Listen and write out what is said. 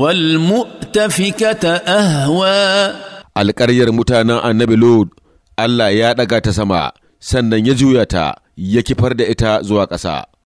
walmu'tafikata ahwa alƙaryar mutanen annabi lod Allah ya ɗaga ta sama sannan ya juya ta ya kifar da ita zuwa ƙasa